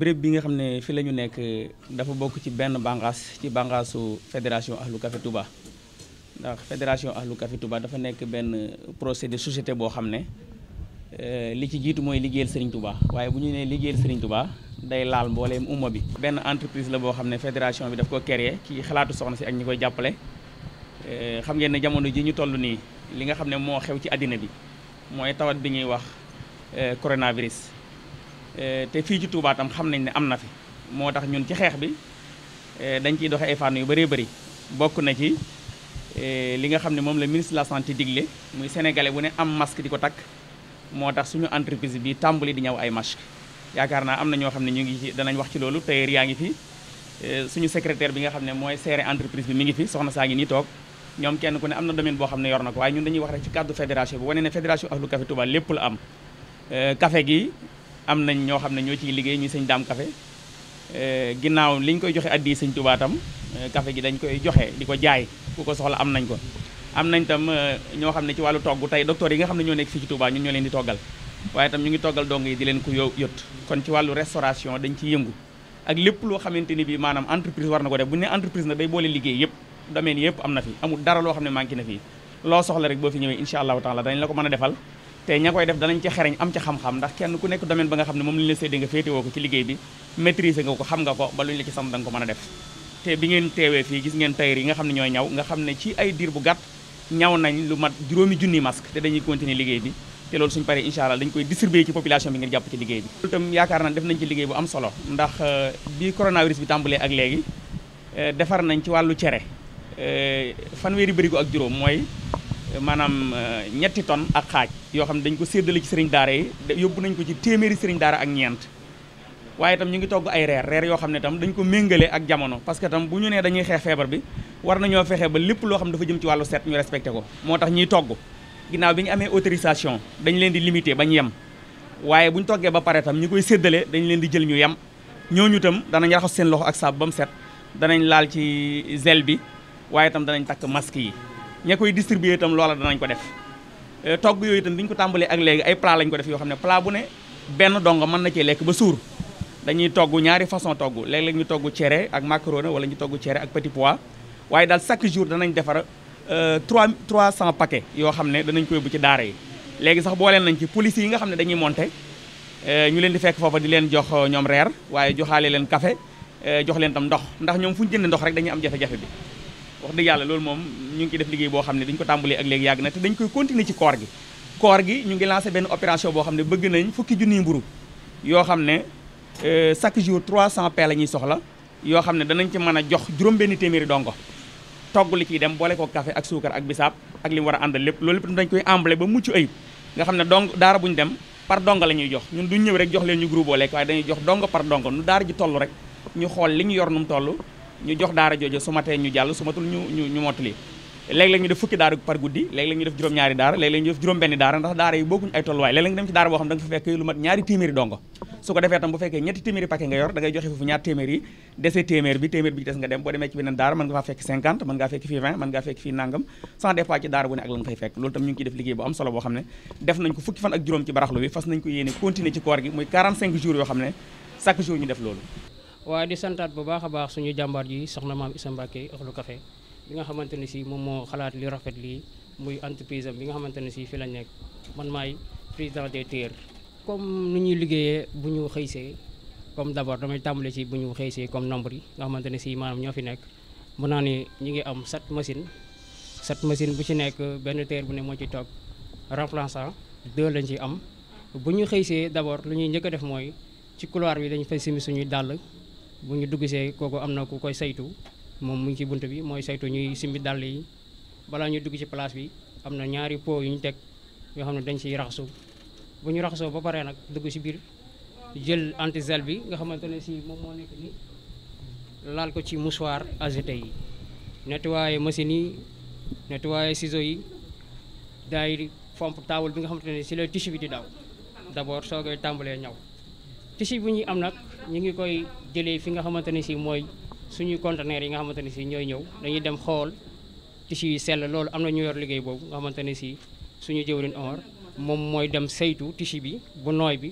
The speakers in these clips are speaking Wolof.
béréb bi nga xam ne fi la ñu nekk dafa bokk ci benn bànqaas ci bànqaasu fédération Ahlou Café Touba ndax fédération Ahlou Café tubaa dafa nekk benn procès de société boo xam ne euh, li ci jiitu mooy liggéeyal Serigne Touba waaye bu ñu nee liggéeyal Serigne Touba day laal mbooleem umma bi. benn entreprise la boo xam ne fédération bi daf ko créer ci xalaatu soxna si ak ñu koy jàppale euh, xam ngeen ne jamono ji ñu toll nii li nga xam ne moo xew ci àddina bi mooy tawat bi ñuy wax euh, coronavirus. Eh, te fii ci Touba tam xam nañ ne am na fi moo tax ñun ci xeex bi eh, dañ ciy doxe ay fànn yu bare bëri bokk na ci eh, li nga xam ne moom la ministre de la santé digle muy sénégalais bu ne am masque di ko takk moo tax suñu entreprise bi tàmbali di ñaw ay masque yaakaar naa am na ñoo xam ne ñu ngi ci danañ wax ci loolu tailleur yaa ngi fi suñu secrétaire bi nga xam ne mooy seere entreprise bi mu ngi fi soxna saa ngi nii toog ñoom kenn ku ne am na domaine boo xam ne yor na ko ñun dañuy wax rek ci cadre fédération bi wane ne fédération ahlu café Touba lépp la am am nañ ñoo xam ne ñoo ciy liggéey ñu sëñ daam café eh, ginnaaw liñ koy joxe addi sëñ Tuubaa tam eh, café gi dañ koy joxe di ko jaay ku ko soxla am nañ ko am nañ tam eh, ñoo xam ne ci wàllu togg tey docteur yi nga xam ne ñoo nekk fii ci Tuubaa ñu ñoo leen di toggal waaye itam ñu ngi toggal dong yi di leen ko yow yot kon ci wàllu restauration dañ ciy yëngu ak lépp loo xamante ni bii maanaam entreprise war na ko def bu ñu ne entreprise nag day boole liggéey yëpp domaine yëpp am na fi amul dara loo xam ne manqué na fii loo soxla rek boo fi ñëwee incha allahu taala dañ la ko mën a te ña koy def danañ ca xereñ am ca xam-xam ndax kenn ku nekk domaine ba nga xam ne moom la ñu la séddee nga féetewoo ko ci liggéey bi maîtriser nga ko xam nga ko ba lu ñu la ci sant ko mën a def te bi ngeen teewee fii gis ngeen tailleur yi nga xam ne ñooy ñaw nga xam ne ci ay diir bu gàtt ñaw nañ lu mat juróomi junni masque te dañuy continuer liggéey bi te loolu suñ paree incha allah dañ koy distribuer ci population bi ngeen jàpp ci liggéey bi loolu itam yaakaar na def nañ ci euh, bi coronavirus bi tàmbalee euh, defar nañ ci wàllu cere euh, fanweeri bërigo ak juróom mooy maanaam euh, ñetti tonnes ak xaaj yoo xam ne dañ ko séddale ci sëriñ daara yi yóbbu nañ ko ci téeméeri sëriñ daara ak ñeent waaye itam ñu ngi togg ay reer reer yoo xam ne itam dañ ko méngale ak jamono parce que itam bu ñu nee dañuy xeex feebar bi war nañoo fexe ba lépp loo xam ne dafa jëm ci wàllu set ñu respecté ko moo tax ñuy togg ginnaaw bi ñu amee autorisation dañ leen di limité bañ yem waaye bu ñu toggee ba pare itam ñi koy séddale dañ leen di jël ñu yem ñooñu itam danañ raxas seen loxo ak saabu ba mu set danañ laal ci zel bi waaye itam danañ takk masque yi ña koy distribuer tam loola danañ ko def euh, togg yooyu tam duñ ko tàmbalee ak léegi ay plat lañ ko def yoo xam ne plat bu ne benn dong mën na cee lekk ba suur dañuy togg ñaari façon togg léeg-léeg ñu togg cere ak macaroni wala ñu togg cere ak petit pois waaye daal chaque jour danañ defar 3 euh, 300 paquets yoo xam ne danañ ko yóbbu ci daara yi léegi sax boo leen nañ ci police yi nga xam ne dañuy monter euh, ñu leen di fekk foofa di leen jox ñoom reer waaye joxaale leen café jox leen tam ndox ndax ñoom fu ñu jënd ndox rek dañuy am jafe bi wax dëgg yàlla loolu moom ñu ngi ciy def liggéey boo xam ne dañu ko tàmbalee ak léegi yàgg na te dañ koy continuer ci koor gi koor gi ñu ngi lancé benn opération boo xam ne bëgg nañ fukki junniy mburu yoo xam ne euh, chaque jour 300 pain la ñuy soxla yoo xam ne danañ ci mën a jox juróom-benn téeméeri dongo togg li ciy dem boole ko café ak suukar ak bisaab ak li war a àndal lépp loolu lépp dañ koy embalé ba mucc ayib nga xam ne dong daara bu ñu dem par dong la ñuy jox ñun duñ ñëw rek jox leen ñu groupe boo lekk waaye dañuy jox dong par dong daara ji toll rek ñu xool li ñu yor nu mu toll ñu jox daara jooju su ñu jàll su ñu ñu ñu mottali léeg ñu def juróom-ñaari daara léeg-léeg ñu def juróom-benni daara ndax daara yi boo mat ñaari téeméeri dongo su ko defee tam bu fekkee ñetti téeméeri paquet nga yor da ngay joxe foofu ñaar téeméer yi desee téeméer bi téeméer bi ci des nga dem boo demee ci beneen daara mën nga faa fekk 50 mën ngaa fekk fii 20 mën ngaa fekk fii nangam sans départ ci daara bu ne ak la nga fekk loolu tam ñu ngi def liggéey bu am solo boo xam ne def nañ ko fukki fan ak juróom waaye di santaat bu baax a baax suñu jàmbaar ji soxna maam Issa Mbacke Euhlou Café bi nga xamante ne si moom moo xalaat li rafet lii muy entreprise bi nga xamante ne si fi lañ nekk man maay président des terres comme ni ñuy liggéeyee bu ñu xëysee comme d'abord damay tàmbale si bu ñu xëysee comme nombre yi nga xamante ne si maanam ñoo fi nekk mën naa ni ñu ngi am sept machine sept machine bu ci nekk benn terre bu ne moo ci toog remplaçant deux lañ ci am bu ñu xëysee d'abord lu ñuy njëkk a def mooy ci couloir bi dañ fay simi suñuy dàll bu ñu see kooku am na ku koy saytu moom mu ngi ci bunt bi mooy saytu ñuy simbi dàll yi balaa ñu dugg ci place bi am na ñaari pot yu ñu teg yoo xam ne dañ ciy raxasu bu ñu raxasoo ba pare nag dugg ci biir jël antisel bi nga xamante ne ci moom moo nekk nii laal ko ci mouchoir agité yi nettoyé machine yi nettoyé ciseaux yi daay fomp taabul bi nga xamante ne ci la tissu bi di daw d'abord soo koy tàmbalee ñaw tissu bu ñuy am nag ñu ngi koy jëlee fi nga xamante ne si mooy suñuy conteneurs yi nga xamante ne si ñooy ñëw dañuy dem xool tissu yi sell loolu am na ñu yor liggéey boobu nga xamante ne si suñu jëwriñ Omar moom mooy dem saytu tissu bi bu nooy bi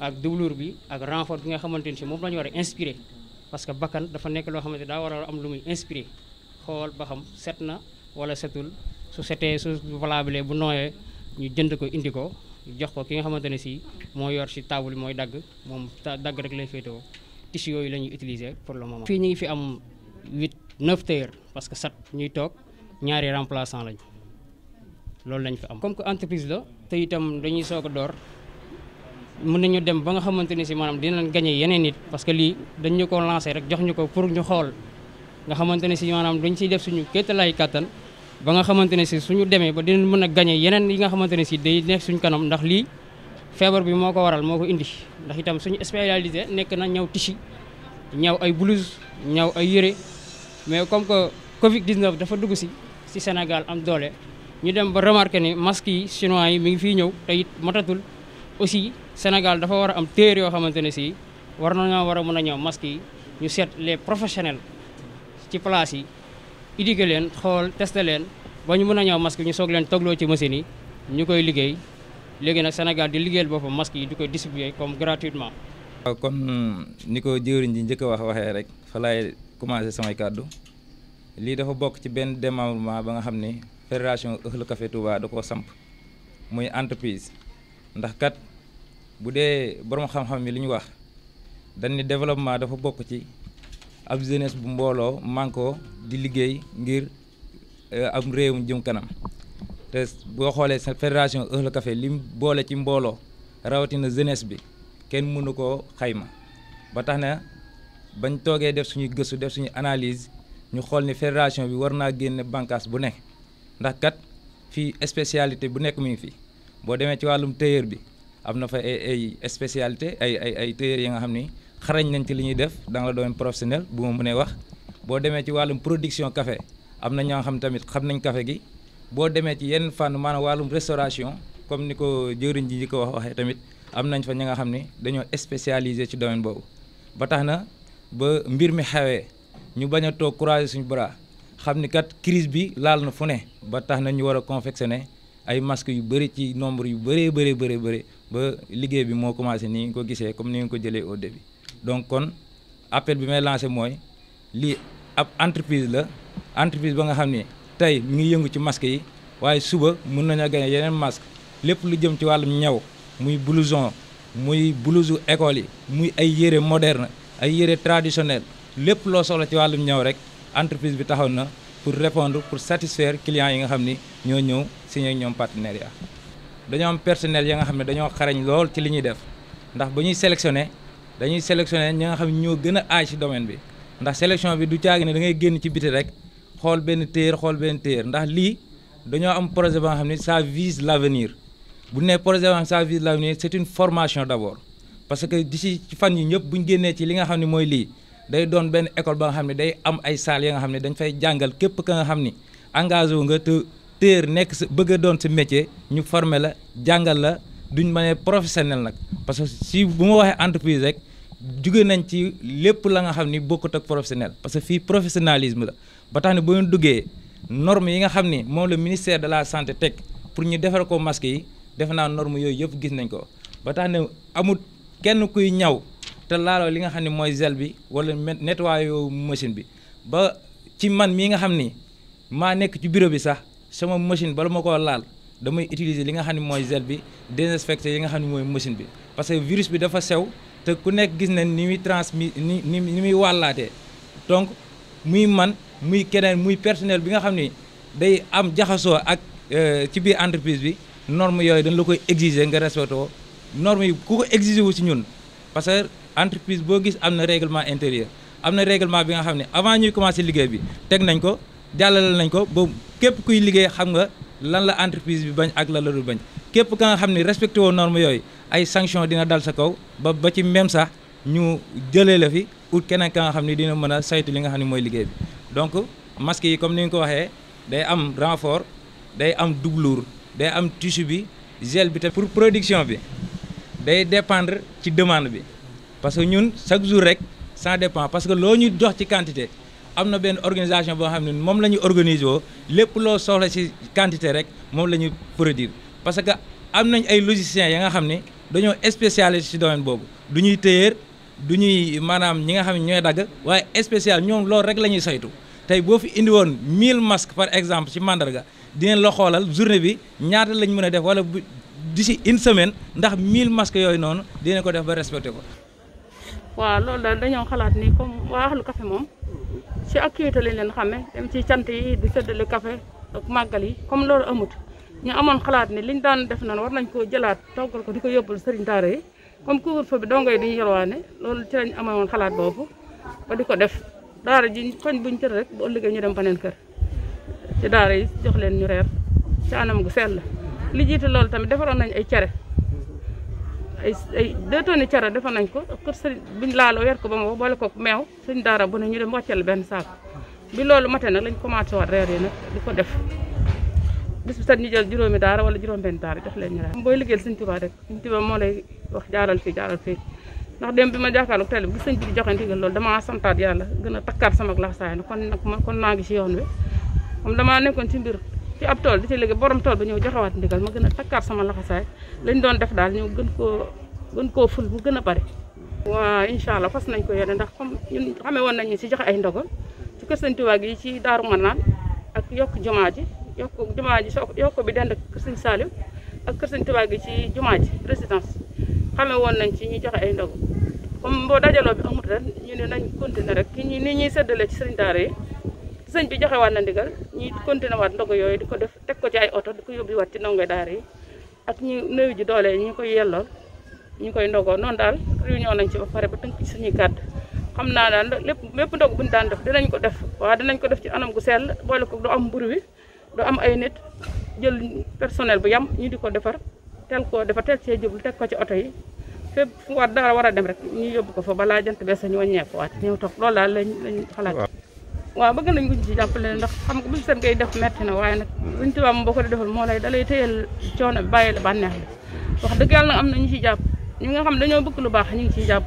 ak doublure bi ak renfort bi nga xamante ne si moom la ñu war a inspiré parce que bakkan dafa nekk loo xamante daa war a am lu muy inspiré xool ba xam set na wala setul su setee su valable bu nooyee ñu jënd ko indi ko jox ko ki nga xamante ne si moo yor si taabul bi mooy dagg moom dagg rek lay féetewoo tissu yooyu la ñuy utiliser pour le moment. fii ñu ngi fi am huit neuf tailleurs parce que sat ñuy toog ñaari remplaçant lañ loolu lañ fi am. comme que entreprise la te itam dañuy soog a door mën nañu dem ba nga xamante ne si maanaam dinañ gagné yeneen it parce que lii dañ ñu ko lancé rek jox ñu ko pour ñu xool nga xamante ne si maanaam dañ siy def suñu kéetalaay kàttan. ba nga xamante ne si ñu demee ba dinañ mën a gañe yeneen yi nga xamante ne si day nekk suñ kanam ndax lii feebar bi moo ko waral moo ko indi ndax itam suñu spécialité nekk na ñaw tissu ñaw ay blouse ñaw ay yére mais comme que Covid 19 dafa dugg si si Sénégal am doole ñu dem ba remarqué ni masque yi chinois yi mi ngi fiy ñëw te it matatul aussi Sénégal dafa war a am téer yoo xamante ne si war nañoo war a mën a ñëw masque yi ñu seet les professionnels ci place yi. éduquer leen xool tester leen ba ñu mën a ñëw masque ñu soog leen toogloo ci machine yi ñu koy liggéey léegi nag senegal di liggéeyal boppam masque yi di ko distribuer comme gratuitement. kon ni ko jëwriñ ji njëkk a wax waxee rek fa laay commencé samay kàddu lii dafa bokk ci benn démembrement ba nga xam ni fédération Euhlou Café Touba da koo samp muy entreprise ndax kat bu dee borom xam-xam yi li ñu wax dañ ni développement dafa bokk ci. ab jeunesse bu mbooloo mànkoo di liggéey ngir euh, am réewum jëm kanam te boo xoolee sa fédération Euhlou Café li boole ci mbooloo rawatina jeunesse bi kenn mënu koo xayma ba tax na bañ toogee def suñuy gëstu def suñu analyse ñu xool ni fédération bi war naa génne bànqaas bu nekk ndax kat fii spécialité bu nekk mi ngi fi boo demee ci wàllum tailleur bi am na fa ay ay spécialité ay ay ay tailleur yi nga xam ni xarañ nañ ci li ñuy def dans le domaine professionnel bu ma mënee wax boo demee ci wàllum production café am na ñoo xam tamit xam nañ kafe gi boo demee ci yenn fànn maanaam wàllum restauration comme ni ko jëriñ ji ko wax waxee tamit am nañ fa ñi nga xam ne dañoo spécialisé ci domaine boobu ba tax na ba mbir mi xewee ñu bañ a toog croiser suñu bras xam ni kat crise bi laal na fu ne ba tax na ñu war a confectionner ay masques yu bëri ci nombre yu bëree bëree bëri bëri ba liggéey bi moo commencé ni ko gisee comme ni nga ko jëlee au début donc kon appel bi may lancé mooy lii ab entreprise la entreprise ba nga xam ni tey mu ngi yëngu ci masque yi waaye suba mën nañoo gagné yeneen masque lépp lu jëm ci wàllum ñaw muy blouson muy blouse école yi muy ay yére moderne ay yére traditionnel lépp loo soxla ci wàllum ñaw rek entreprise bi taxaw na pour répondre pour satisfaire clients yi nga xam ni ñoo ñëw signé ak ñoom partenariat dañoo am personnel ya nga xam ne dañoo xarañ lool ci li ñuy def ndax ba ñuy sélectionné dañuy sélectionné ñi nga xam ne ñoo gën a aay ci domaine bi ndax sélection bi du caagi ne da génn ci biti rek xool benn téer xool benn téer ndax lii dañoo am projet ba nga xam ne ça vise l' avenir bu ne projet ba nga xam ne ça vise l' est une formation d' abord parce que d'ici ci fan yi ñëpp buñ ñu génnee ci li nga xam ne mooy lii day doon benn école ba nga xam ne day am ay salles yi nga xam ne dañ fay jàngal képp ka nga xam ni engagé wu nga te téer nekk sa bëgg a doon métier ñu former la jàngal la duñ ma ne professionnel nag parce que si bu ma waxee entreprise rek jóge nañ ci lépp la nga xam ni bokkut ak professionnel parce que fii professionnalisme la ba tax ne boo ñu duggee normes yi nga xam ni moom la ministère de la santé teg pour ñu defar ko masque yi defe naa normes yooyu yëpp gis nañ ko ba tax ne amul kenn kuy ñaw te laaloo li nga xam ne mooy gel bi wala nettoyoo machine bi ba ci man mii nga xam ni maa nekk ci bureau bi sax sama machine bala ma koo laal damay utiliser li nga xam ne mooy gel bi désinfecté yi nga xam ne machine bi parce que virus bi dafa sew te ku nekk gis nañ ni muy transmis ni ni ni muy wàllaatee donc muy man muy keneen muy personnel bi nga xam ni day am jaxasoo ak euh, ci biir entreprise bi norme yooyu dañ la koy exiger nga respecté ko norme yi ku ko exiger wu si ñun parce que entreprise boo gis am na réglement intérieur am na réglement bi nga xam ne avant ñuy commencer liggéey bi teg nañ ko jàllale nañ ko ba képp kuy liggéey xam nga lan la entreprise bi bañ ak lan la dul bañ képp ka nga xam ni respecté woo norme yooyu ay sanction dina dal sa kaw ba ba ci même sax ñu jëlee la fi ut keneen ka nga xam ni dina mën a saytu li nga xam ni mooy liggéey bi donc masque yi comme ni nga ko waxee day am renfort day am doublure day am tissu bi gel bi tamit pour production bi day dépendre ci demande bi parce que ñun chaque jour rek ça dépend parce que loo ñu jox ci quantité am na benn organisation boo xam ne moom la ñu organiser woo lépp loo soxla ci quantité rek moom la ñu produire parce que am nañ ay logiciens ya nga xam ne dañoo spécialiste ci domaine boobu du ñuy téyeer du ñuy maanaam ñi nga xam ne ñooy dagg waaye spécial ñoom loolu rek la ñuy saytu tey boo fi indi woon 1000 masques par exemple ci mandarga dinañ la xoolal journée bi ñaata lañ mën a def wala bu d'ici une semaine ndax mille masques yooyu noonu dinañ ko def ba respecté ko. waaw loolu daal dañoo xalaat ni comme waa Ahlu Café moom ci activité lañ leen xamee dem ci cant yi di séddale café màggal yi comme loolu amut. ñu amoon xalaat ne liñ daan def noonu war nañ koo jëlaat toggal ko di ko yóbbul sëriñ daara yi comme couvre-feu bi dongo yi di ñu yalwaane loolu ci lañ amoon xalaat boobu ba di ko def daara ji koñ buñ tër rek bu ñu dem beneen kër ci daara yi jox leen ñu reer ci anam gu sell li jiite loolu tamit defaroon nañ ay cere ay ay deux cere defar nañ ko kër sëriñ buñ laaloo weer ko ba mu boole ko meew suñ daara bu ne ñu dem wàcceel benn saak bi loolu mate nag lañ commencé waat reer yi nag di ko def bis bi sax ñu jël juróomi daara wala juróom-benn daara jox leen ñu daal. booy liggéeyal sëñ Tuubaa rek sëñ Tuubaa moo lay wax jaaral fii jaaral fii ndax dem bi ma jàkkaarloog télé bi gis a takkaat sama laxasaay na kon kon naa ngi yoon wi comme damaa nekkoon ci mbir ci ab tool di ci liggéey borom tool ba ñëw joxewaat ndigal ma gën a takkaat sama laxasaay lañ doon def daal ñëw gën koo gën koo ful bu gën a bari waaw incha allah fas nañ ko yéene ndax comme ñun xamee woon nañu ci joxe ay ndogal ci kër sëñ Tuubaa gi ci daaru Manaan ak yokk jumaa ji yokk jumaa ji sook yokk bi dend ak kër sëñ Saliou ak kër sëñ Tuubaa gi ci jumaa ji résidence xame woon nañ ci ñu joxe ay ndogu comme boo dajaloo bi amut ren ñu ne nañ continuer rek ki ni ñuy séddale ci sëñ daara sëñ bi joxe waat na ndigal ñuy waat ndogu yooyu di ko def teg ko ci ay oto di ko waat ci ndongo daar yi ak ñu néew ji doole ñu koy yellool ñu koy ndogoo noonu daal réunion nañ ci ba pare ba tënk ci suñuy kàddu xam naa daal lépp lépp ndog bu ñu daan def dinañ ko def waaw dinañ ko def ci anam gu sell boole ko du am mburu wi du am ay nit jël personnel bu yam ñu di ko defar tel ko dafa tel see jublu teg ko ci oto yi fépp fu war dara war a dem rek ñu yóbbu ko fa balaa jant bee sañoo ñeeku waat ñëw toog loolu daal lañ lañ xalaat. waaw bëgg nañ ko ci jàppale ndax xam nga bu ñu seet ngay def metti na waaye nag buñ tubaab moom boo ko defal moo lay dalay téyel coono bi bàyyi la bànneex la wax dëgg yàlla am na ñu ciy jàpp nga xam dañoo bëgg lu baax ñu ngi ci jàpp.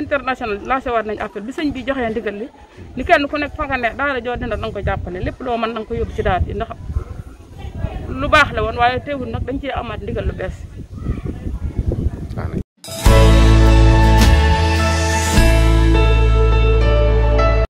international lancé war nañ appel bi sëñ bi joxee ndigal li ni kenn ku nekk fa nga ne daara joo dina danga ko jàppale lépp loo mën danga ko yóbbu ci daara ji ndax lu baax le woon waaye teewul nag dañ ciy amaat ndigal lu bees